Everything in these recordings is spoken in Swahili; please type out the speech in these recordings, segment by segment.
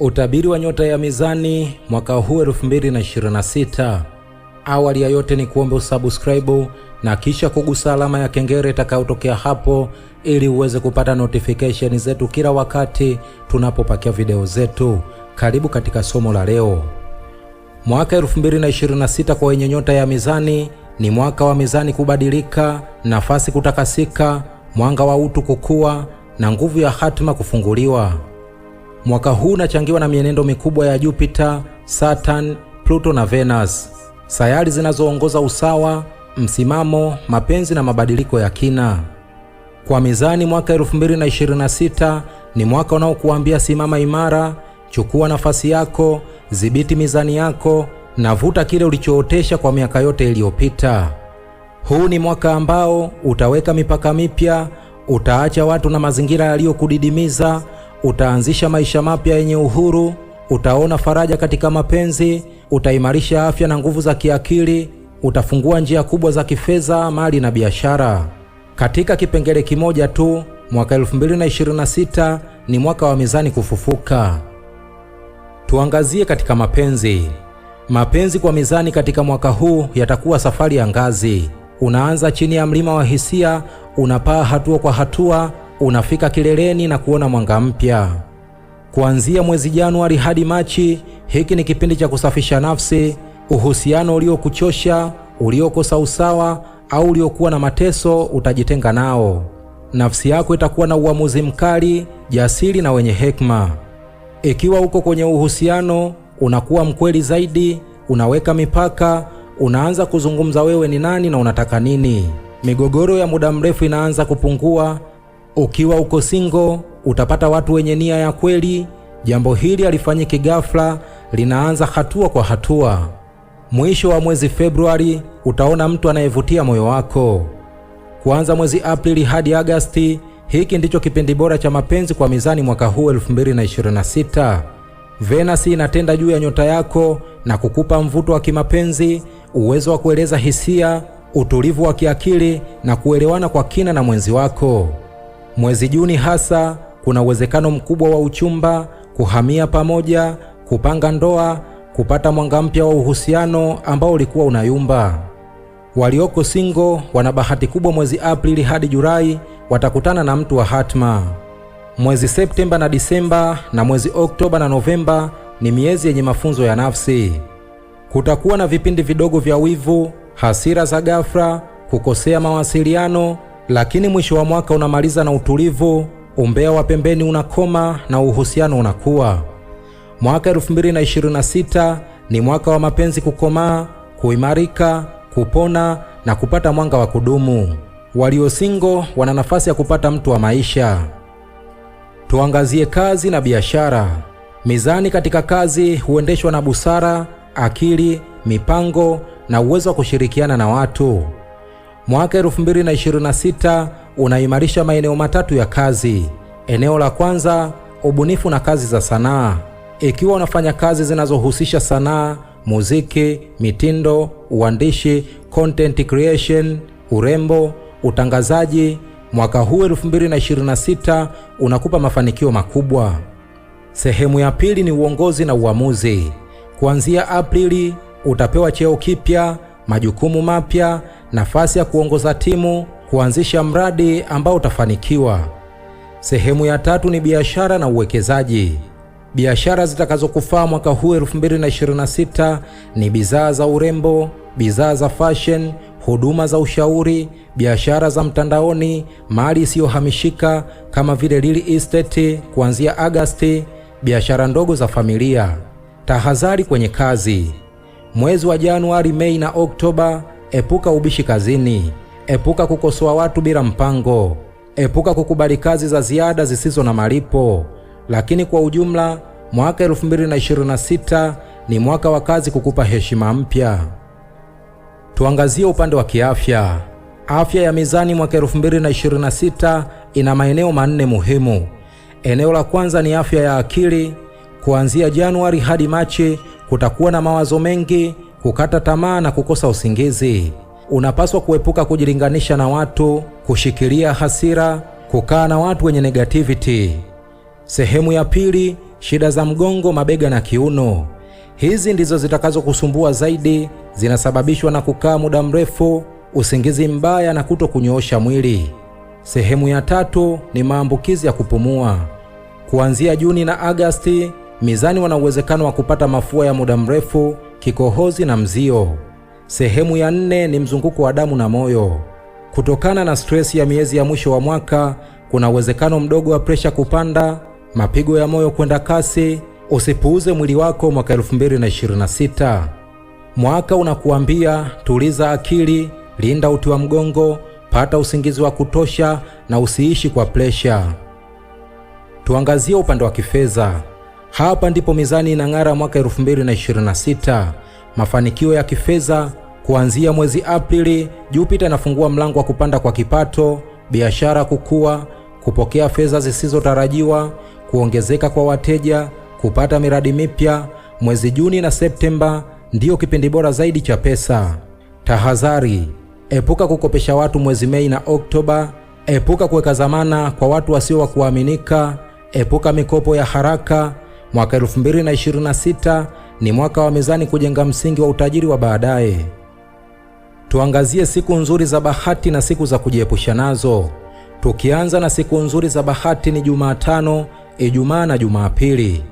Utabiri wa nyota ya mizani mwaka huu 2026. Awali ya yote ni kuombe usubscribe na kisha kugusa alama ya kengele itakayotokea hapo ili uweze kupata notification zetu kila wakati tunapopakia video zetu. Karibu katika somo la leo. Mwaka 2026 kwa wenye nyota ya mizani ni mwaka wa mizani kubadilika, nafasi kutakasika, mwanga wa utu kukua na nguvu ya hatima kufunguliwa. Mwaka huu unachangiwa na mienendo mikubwa ya Jupiter, Saturn, Pluto na Venus, sayari zinazoongoza usawa, msimamo, mapenzi na mabadiliko ya kina. Kwa mizani, mwaka 2026 ni mwaka unaokuambia simama imara, chukua nafasi yako, dhibiti mizani yako na vuta kile ulichootesha kwa miaka yote iliyopita. Huu ni mwaka ambao utaweka mipaka mipya, utaacha watu na mazingira yaliyokudidimiza Utaanzisha maisha mapya yenye uhuru, utaona faraja katika mapenzi, utaimarisha afya na nguvu za kiakili, utafungua njia kubwa za kifedha, mali na biashara. Katika kipengele kimoja tu, mwaka 2026 ni mwaka wa mizani kufufuka. Tuangazie katika mapenzi. Mapenzi kwa mizani katika mwaka huu yatakuwa safari ya ngazi. Unaanza chini ya mlima wa hisia, unapaa hatua kwa hatua unafika kileleni na kuona mwanga mpya. Kuanzia mwezi Januari hadi Machi, hiki ni kipindi cha kusafisha nafsi. Uhusiano uliokuchosha, uliokosa usawa au uliokuwa na mateso, utajitenga nao. Nafsi yako itakuwa na uamuzi mkali, jasiri na wenye hekima. Ikiwa uko kwenye uhusiano, unakuwa mkweli zaidi, unaweka mipaka, unaanza kuzungumza wewe ni nani na unataka nini. Migogoro ya muda mrefu inaanza kupungua, ukiwa uko single utapata watu wenye nia ya kweli. Jambo hili halifanyiki ghafla, linaanza hatua kwa hatua. Mwisho wa mwezi Februari utaona mtu anayevutia moyo wako. Kuanza mwezi Aprili hadi Agasti, hiki ndicho kipindi bora cha mapenzi kwa mizani mwaka huu 2026. Venasi inatenda juu ya nyota yako na kukupa mvuto wa kimapenzi, uwezo wa kueleza hisia, utulivu wa kiakili na kuelewana kwa kina na mwenzi wako. Mwezi Juni hasa kuna uwezekano mkubwa wa uchumba, kuhamia pamoja, kupanga ndoa, kupata mwanga mpya wa uhusiano ambao ulikuwa unayumba. Walioko singo wana bahati kubwa, mwezi Aprili hadi Julai watakutana na mtu wa hatma. Mwezi Septemba na Disemba na mwezi Oktoba na Novemba ni miezi yenye mafunzo ya nafsi. Kutakuwa na vipindi vidogo vya wivu, hasira za ghafla, kukosea mawasiliano lakini mwisho wa mwaka unamaliza na utulivu, umbea wa pembeni unakoma na uhusiano unakuwa. Mwaka 2026 ni mwaka wa mapenzi kukomaa, kuimarika, kupona na kupata mwanga wa kudumu. Walio single wana nafasi ya kupata mtu wa maisha. Tuangazie kazi na biashara. Mizani katika kazi huendeshwa na busara, akili, mipango na uwezo wa kushirikiana na watu. Mwaka 2026 unaimarisha maeneo matatu ya kazi. Eneo la kwanza, ubunifu na kazi za sanaa. Ikiwa unafanya kazi zinazohusisha sanaa, muziki, mitindo, uandishi, content creation, urembo, utangazaji, mwaka huu 2026 unakupa mafanikio makubwa. Sehemu ya pili ni uongozi na uamuzi. Kuanzia Aprili utapewa cheo kipya, majukumu mapya nafasi ya kuongoza timu, kuanzisha mradi ambao utafanikiwa. Sehemu ya tatu ni biashara na uwekezaji. Biashara zitakazokufaa mwaka huu 2026 ni bidhaa za urembo, bidhaa za fashion, huduma za ushauri, biashara za mtandaoni, mali isiyohamishika kama vile real estate kuanzia Agasti, biashara ndogo za familia. Tahadhari kwenye kazi. Mwezi wa Januari, Mei na Oktoba Epuka ubishi kazini. Epuka kukosoa watu bila mpango. Epuka kukubali kazi za ziada zisizo na malipo. Lakini kwa ujumla, mwaka 2026 ni mwaka wa kazi kukupa heshima mpya. Tuangazie upande wa kiafya. Afya ya mizani mwaka 2026 ina maeneo manne muhimu. Eneo la kwanza ni afya ya akili. Kuanzia Januari hadi Machi kutakuwa na mawazo mengi kukata tamaa na kukosa usingizi. Unapaswa kuepuka kujilinganisha na watu, kushikilia hasira, kukaa na watu wenye negativity. Sehemu ya pili, shida za mgongo, mabega na kiuno. Hizi ndizo zitakazokusumbua zaidi, zinasababishwa na kukaa muda mrefu, usingizi mbaya na kuto kunyoosha mwili. Sehemu ya tatu ni maambukizi ya kupumua. Kuanzia Juni na Agasti, mizani wana uwezekano wa kupata mafua ya muda mrefu kikohozi na mzio. Sehemu ya nne ni mzunguko wa damu na moyo. Kutokana na stresi ya miezi ya mwisho wa mwaka, kuna uwezekano mdogo wa presha kupanda, mapigo ya moyo kwenda kasi. Usipuuze mwili wako mwaka 2026. Mwaka unakuambia tuliza akili, linda uti wa mgongo, pata usingizi wa kutosha na usiishi kwa presha. Tuangazie upande wa kifedha. Hapa ndipo mizani inang'ara mwaka 2026, mafanikio ya kifedha kuanzia mwezi Aprili, Jupita anafungua mlango wa kupanda kwa kipato, biashara kukua, kupokea fedha zisizotarajiwa, kuongezeka kwa wateja, kupata miradi mipya. Mwezi Juni na Septemba ndiyo kipindi bora zaidi cha pesa. Tahadhari: epuka kukopesha watu mwezi Mei na Oktoba, epuka kuweka zamana kwa watu wasio wa kuaminika, epuka mikopo ya haraka. Mwaka 2026 ni mwaka wa mizani kujenga msingi wa utajiri wa baadaye. Tuangazie siku nzuri za bahati na siku za kujiepusha nazo. Tukianza na siku nzuri za bahati ni Jumatano, Ijumaa na Jumapili.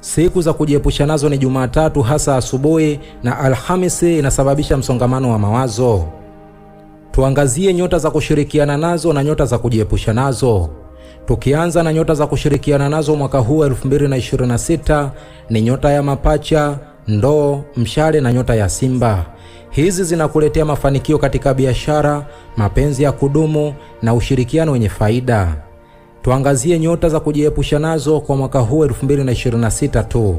Siku za kujiepusha nazo ni Jumatatu hasa asubuhi na Alhamisi, inasababisha msongamano wa mawazo. Tuangazie nyota za kushirikiana nazo na nyota za kujiepusha nazo. Tukianza na nyota za kushirikiana nazo mwaka huu 2026 ni nyota ya mapacha, ndoo, mshale na nyota ya simba. Hizi zinakuletea mafanikio katika biashara, mapenzi ya kudumu na ushirikiano wenye faida. Tuangazie nyota za kujiepusha nazo kwa mwaka huu 2026 tu.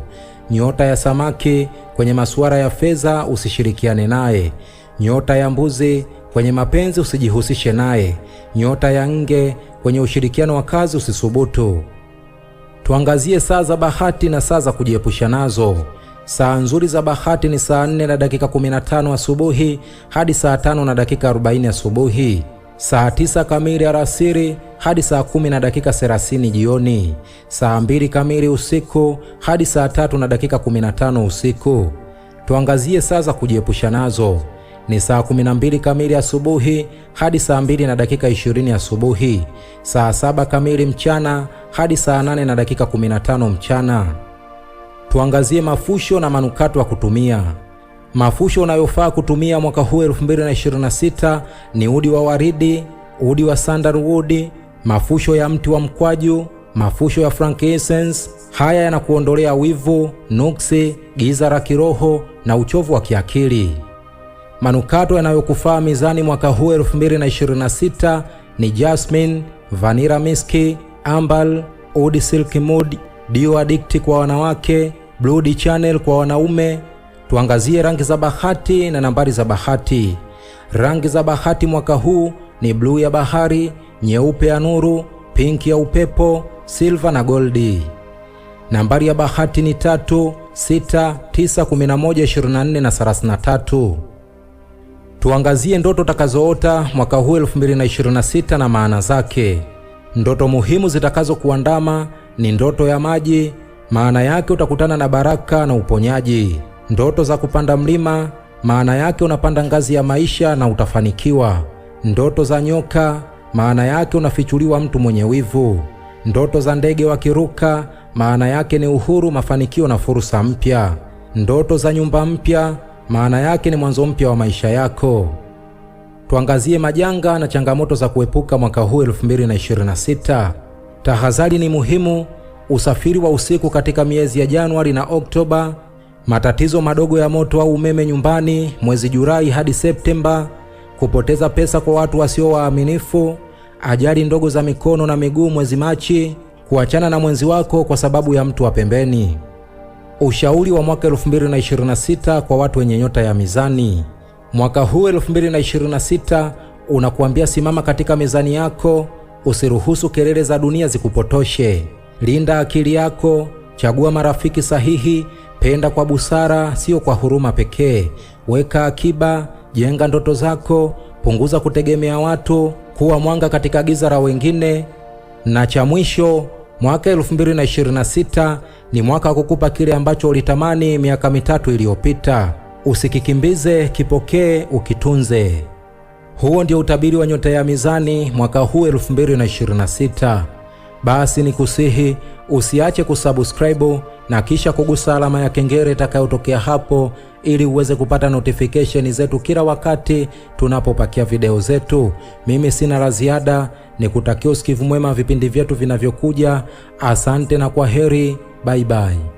Nyota ya samaki, kwenye masuala ya fedha usishirikiane naye. Nyota ya mbuzi, Kwenye mapenzi usijihusishe naye. Nyota ya Nge, kwenye ushirikiano wa kazi usisubutu. Tuangazie saa za bahati na saa za kujiepusha nazo. Saa nzuri za bahati ni saa 4 na dakika 15 asubuhi hadi saa tano na dakika 40 asubuhi, saa 9 kamili alasiri hadi saa kumi na dakika 30 jioni, saa mbili kamili usiku hadi saa tatu na dakika 15 usiku. Tuangazie saa za kujiepusha nazo ni saa 12 kamili asubuhi hadi saa 2 na dakika 20 asubuhi, saa saba kamili mchana hadi saa 8 na dakika 15 mchana. Tuangazie mafusho na manukato ya kutumia. Mafusho unayofaa kutumia mwaka huu 2026 ni udi wa waridi, udi wa sandalwood, mafusho ya mti wa mkwaju, mafusho ya frankincense. Haya yanakuondolea wivu, nuksi, giza la kiroho na uchovu wa kiakili. Manukato yanayokufaa mizani mwaka huu 2026 ni Jasmine, Vanilla Miski, Ambal, Oud Silk Mood, Dio Addict kwa wanawake, Blood Channel kwa wanaume. Tuangazie rangi za bahati na nambari za bahati. Rangi za bahati mwaka huu ni bluu ya bahari, nyeupe ya nuru, pinki ya upepo, silva na goldi. Nambari ya bahati ni tatu, sita, tisa, kumi na moja, ishirini na nne na thelathini na tatu. Tuangazie ndoto utakazoota mwaka huu 2026 na maana zake. Ndoto muhimu zitakazokuandama ni ndoto ya maji, maana yake utakutana na baraka na uponyaji. Ndoto za kupanda mlima, maana yake unapanda ngazi ya maisha na utafanikiwa. Ndoto za nyoka, maana yake unafichuliwa mtu mwenye wivu. Ndoto za ndege wakiruka, maana yake ni uhuru, mafanikio na fursa mpya. Ndoto za nyumba mpya maana yake ni mwanzo mpya wa maisha yako. Tuangazie majanga na changamoto za kuepuka mwaka huu 2026. Tahadhari ni muhimu: usafiri wa usiku katika miezi ya Januari na Oktoba, matatizo madogo ya moto au umeme nyumbani mwezi Julai hadi Septemba, kupoteza pesa kwa watu wasio waaminifu, ajali ndogo za mikono na miguu mwezi Machi, kuachana na mwenzi wako kwa sababu ya mtu wa pembeni. Ushauri wa mwaka 2026 kwa watu wenye nyota ya mizani. Mwaka huu 2026 unakuambia simama katika mizani yako, usiruhusu kelele za dunia zikupotoshe. Linda akili yako, chagua marafiki sahihi, penda kwa busara, sio kwa huruma pekee. Weka akiba, jenga ndoto zako, punguza kutegemea watu, kuwa mwanga katika giza la wengine. Na cha mwisho Mwaka 2026 ni mwaka wa kukupa kile ambacho ulitamani miaka mitatu iliyopita. Usikikimbize, kipokee, ukitunze. Huo ndio utabiri wa nyota ya Mizani mwaka huu 2026. Basi ni kusihi usiache kusubscribe na kisha kugusa alama ya kengele itakayotokea hapo ili uweze kupata notification zetu kila wakati tunapopakia video zetu. Mimi sina la ziada, ni kutakia usikivu mwema vipindi vyetu vinavyokuja. Asante na kwa heri, bye bye.